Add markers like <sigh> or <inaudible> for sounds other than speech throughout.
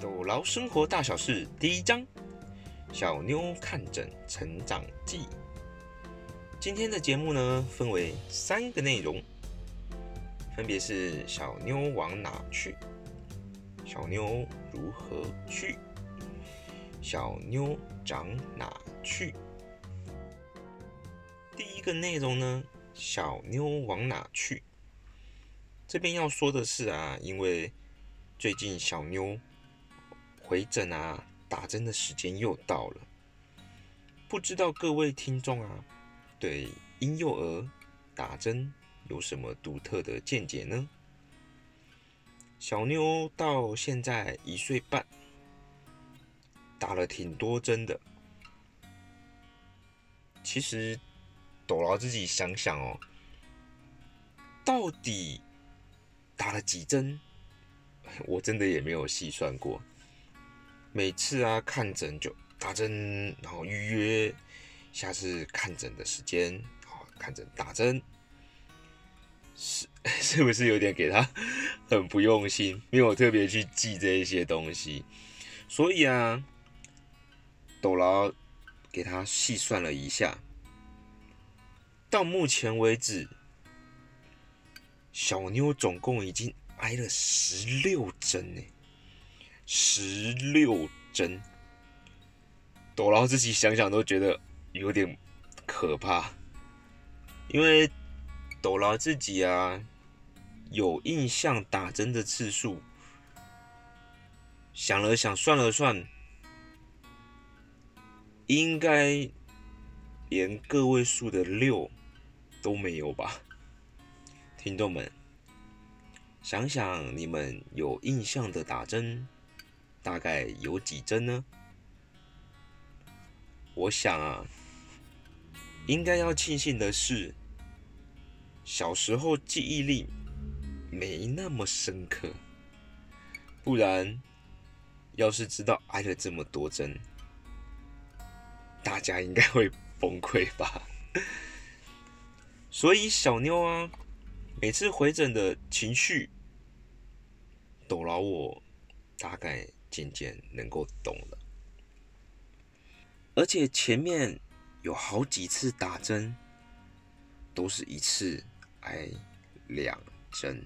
《豆佬生活大小事》第一章《小妞看診成長記》。今天的節目呢，分為三個內容，分別是小妞往哪去、小妞如何去、小妞長哪去。第一個內容呢，小妞往哪去？這邊要說的是啊，因為最近小妞，回診啊，打針的時間又到了。不知道各位聽眾啊，對嬰幼兒打針有什麼獨特的見解呢？小妞到現在一歲半，打了挺多針的。其實，豆佬自己想想哦，到底打了幾針，我真的也沒有細算過。每次啊看診就打針，然後預約下次看診的時間，啊看診打針，是是不是有點給他很不用心？沒有特別去記這一些東西，所以啊，豆佬給他細算了一下，到目前為止，小妞總共已經挨了十六針呢。十六針，豆佬自己想想都覺得有點可怕，因為豆佬自己啊有印象打針的次數，想了想算了算，應該連個位數的六都沒有吧？聽眾們，想想你們有印象的打針。大概有幾針呢？我想啊，應該要慶幸的是，小時候記憶力沒那麼深刻，不然要是知道挨了這麼多針，大家應該會崩潰吧。 <laughs> 所以小妞啊，每次回診的情緒都讓我大概。漸漸能夠懂了，而且前面有好幾次打針，都是一次挨兩針。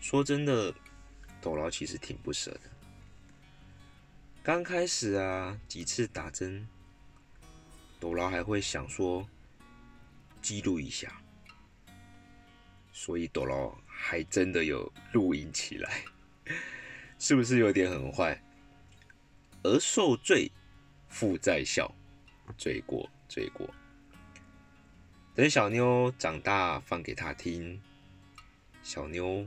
說真的，豆佬其實挺不捨的。剛開始啊，幾次打針，豆佬還會想說記錄一下，所以豆佬還真的有錄音起來。是不是有點很壞？兒受罪，父在笑，罪過，罪過。等小妞長大，放給她聽，小妞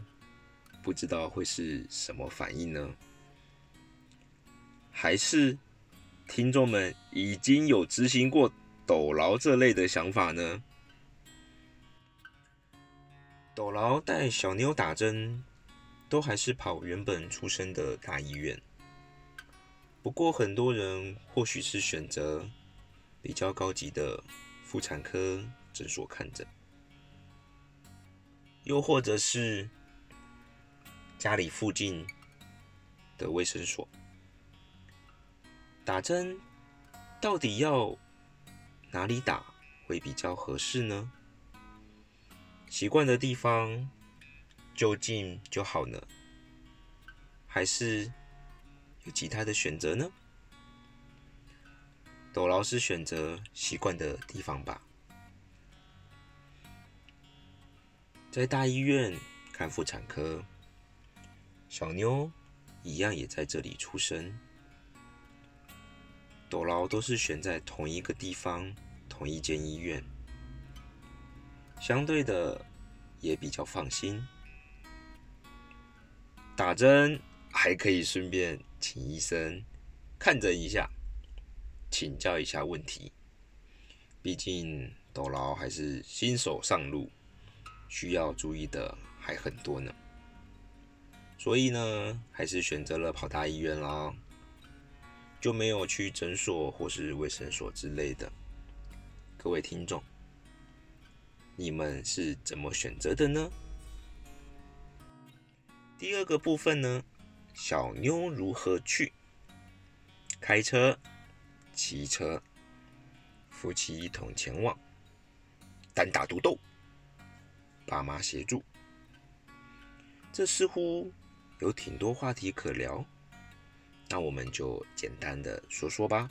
不知道會是什麼反應呢？還是聽眾們已經有執行過豆佬這類的想法呢？豆佬帶小妞打針，都還是跑原本出生的大醫院，不過很多人或許是選擇比較高級的婦產科診所看診，又或者是家裡附近的衛生所打針，到底要哪裡打會比較合適呢？習慣的地方。就近就好了，還是有其他的選擇呢？豆佬是選擇習慣的地方吧，在大醫院看婦產科，小妞一樣也在這裡出生，豆佬都是選在同一個地方、同一間醫院，相對的也比較放心。打針還可以順便請醫生看診一下，請教一下問題。畢竟豆佬還是新手上路，需要注意的還很多呢。所以呢，還是選擇了跑大醫院啦，就沒有去診所或是衛生所之類的。各位聽眾，你們是怎麼選擇的呢？第二個部分呢，小妞如何去？開車、騎車，夫妻一同前往，單打獨鬥，爸媽協助，這似乎有挺多話題可聊。那我們就簡單的說說吧。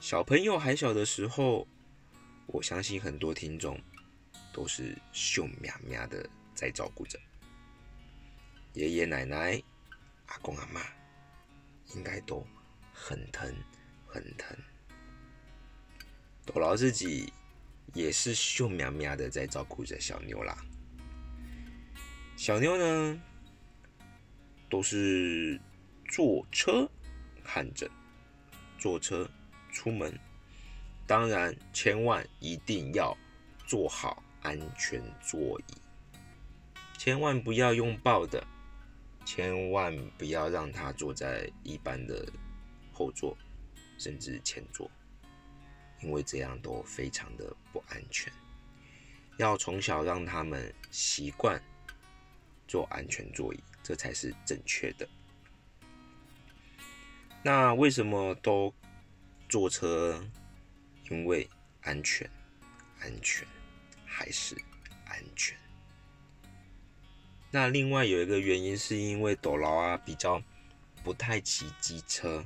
小朋友還小的時候，我相信很多聽眾都是秀喵喵的在照顧着。爺爺奶奶、阿公阿媽應該都很疼，很疼。豆佬自己也是笑眯眯的在照顧着小妞啦。小妞呢，都是坐車看診，坐車出門，當然千萬一定要坐好安全座椅，千萬不要用抱的。千萬不要讓他坐在一般的後座，甚至前座，因為這樣都非常的不安全。要從小讓他們習慣坐安全座椅，這才是正確的。那為什麼都坐車？因為安全，安全，還是安全。那另外有一個原因，是因為豆佬啊比較不太騎機車。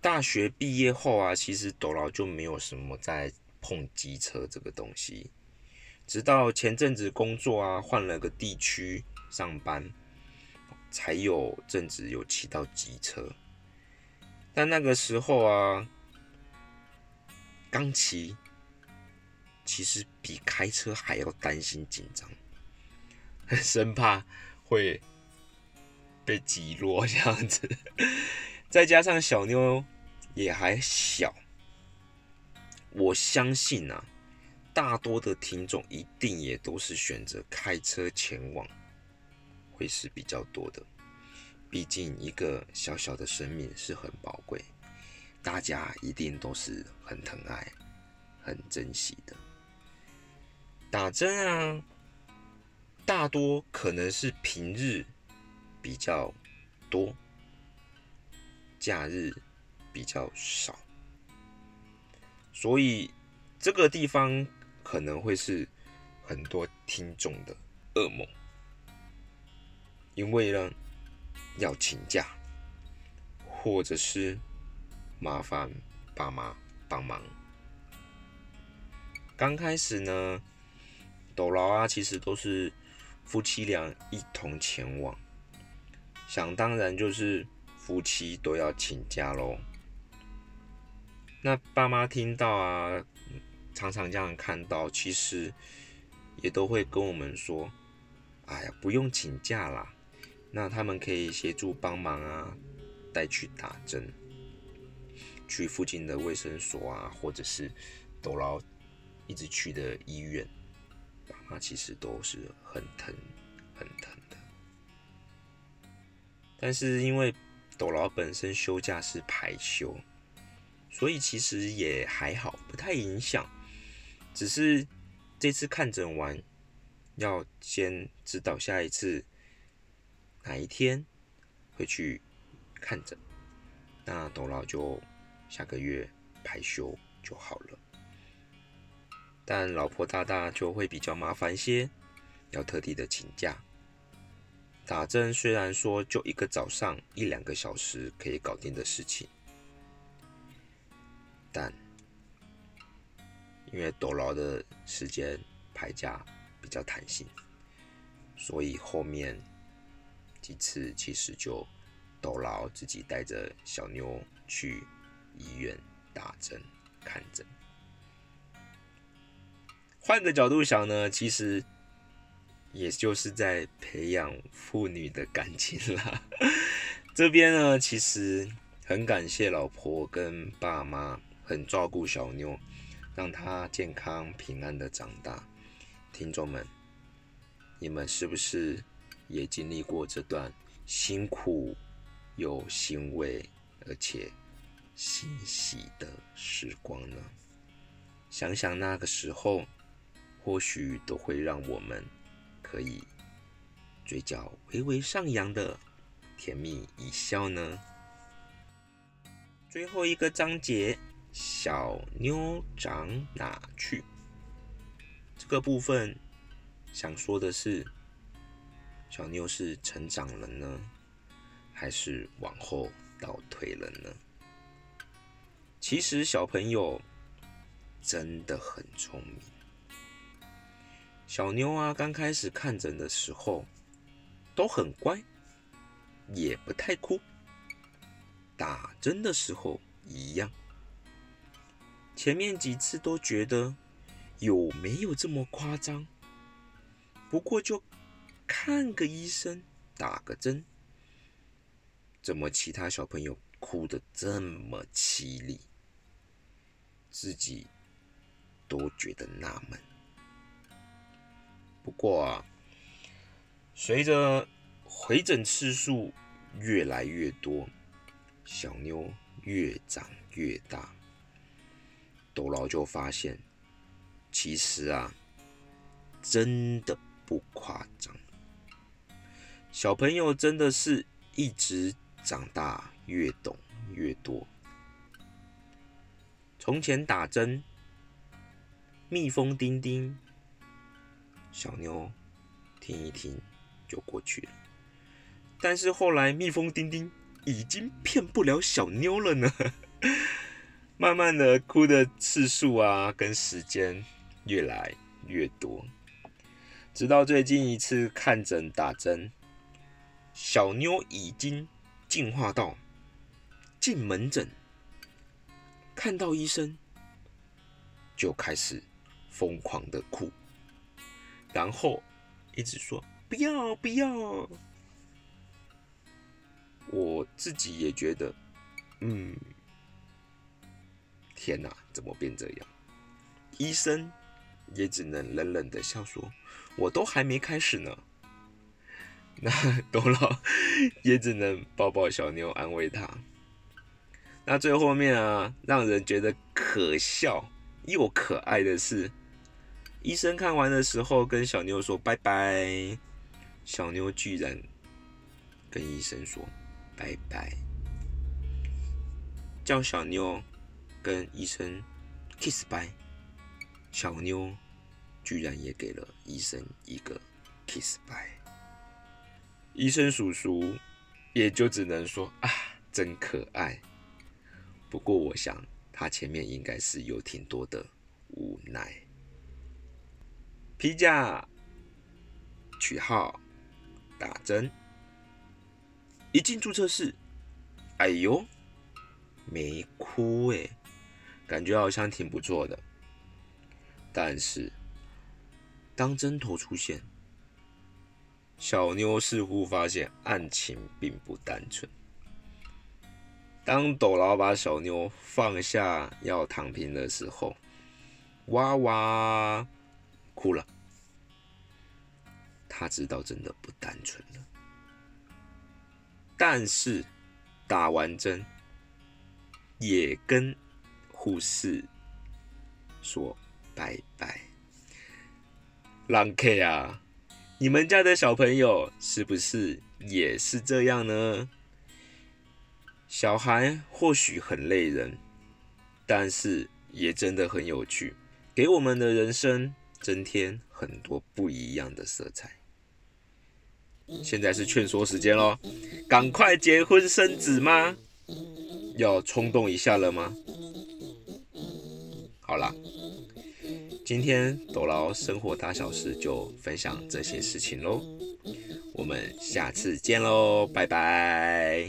大學畢業後啊，其實豆佬就沒有什麼在碰機車這個東西，直到前陣子工作啊換了個地區上班，才有陣子有騎到機車。但那個時候啊，剛騎，其實比開車還要擔心緊張。生怕會被擠落這樣子，再加上小妞也還小，我相信啊，大多的聽眾一定也都是選擇開車前往，會是比較多的。畢竟一個小小的生命是很寶貴，大家一定都是很疼愛、很珍惜的。打針啊！大多可能是平日比較多，假日比較少，所以這個地方可能會是很多聽眾的噩夢，因為呢要請假，或者是麻煩爸媽幫忙。剛開始呢，豆佬啊，其實都是。夫妻倆一同前往，想當然就是夫妻都要請假嘍。那爸媽聽到啊，常常這樣看到，其實也都會跟我們說：“哎呀，不用請假啦，那他們可以協助幫忙啊，帶去打針，去附近的衛生所啊，或者是豆佬一直去的醫院。”那其實都是很疼、很疼的，但是因為豆佬本身休假是排休，所以其實也還好，不太影響。只是這次看診完，要先知道下一次哪一天會去看診。那豆佬就下個月排休就好了。但老婆大大就會比較麻煩些，要特地的請假打針。雖然說就一個早上一兩個小時可以搞定的事情，但因為豆佬的時間排假比較彈性，所以後面幾次其實就豆佬自己帶着小妞去醫院打針、看診。換個角度想呢，其實也就是在培養父女的感情啦。這邊呢，其實很感謝老婆跟爸媽，很照顧小妞，讓她健康平安的長大。聽眾們，你們是不是也經歷過這段辛苦、又欣慰而且欣喜的時光呢？想想那個時候。或許都會讓我們可以嘴角微微上揚的甜蜜一笑呢。最後一個章節，小妞長哪去？這個部分想說的是，小妞是成長了呢？還是往後倒退了呢？其實小朋友真的很聰明。小妞啊，剛開始看診的時候都很乖，也不太哭。打針的時候一樣。前面幾次都覺得有沒有這麼誇張？不過就看個醫生，打個針，怎麼其他小朋友哭得這麼淒厲？自己都覺得納悶。不過啊，隨着回診次數越來越多，小妞越長越大，豆佬就發現，其實啊，真的不誇張，小朋友真的是一直長大，越懂越多。從前打針，蜜蜂叮叮，小妞，聽一聽就過去了。但是後來，蜜蜂叮叮已經騙不了小妞了呢。 <laughs> 慢慢的，哭的次數啊，跟時間越來越多，直到最近一次看診打針，小妞已經進化到進門診看到醫生就開始瘋狂的哭。然後一直說不要不要，我自己也覺得，嗯，天哪，怎麼變這樣？醫生也只能冷冷的笑說，我都還沒開始呢。那豆佬也只能抱抱小妞安慰她。那最後面啊，讓人覺得可笑又可愛的是。醫生看完的時候跟小妞說拜拜，小妞居然跟醫生說拜拜，叫小妞跟醫生 kiss bye，小妞居然也給了醫生一個 kiss bye，醫生叔叔也就只能說，啊，真可愛，不過我想他前面應該是有挺多的無奈。皮價、取號打針，一進注冊室，哎喲沒哭耶，感覺好像挺不錯的。但是，當針頭出現，小妞似乎發現案情並不單純。當豆佬把小妞放下要躺平的時候，哇哇！哭了，他知道真的不單純了。但是打完針，也跟護士說拜拜。朗 K 啊，你們家的小朋友是不是也是這樣呢？小孩或許很累人，但是也真的很有趣，給我們的人生。增添很多不一樣的色彩，現在是勸說時間嘍，趕快結婚生子嗎？要衝動一下了嗎？好啦，今天豆佬生活大小事就分享這些事情嘍，我們下次見嘍，拜拜。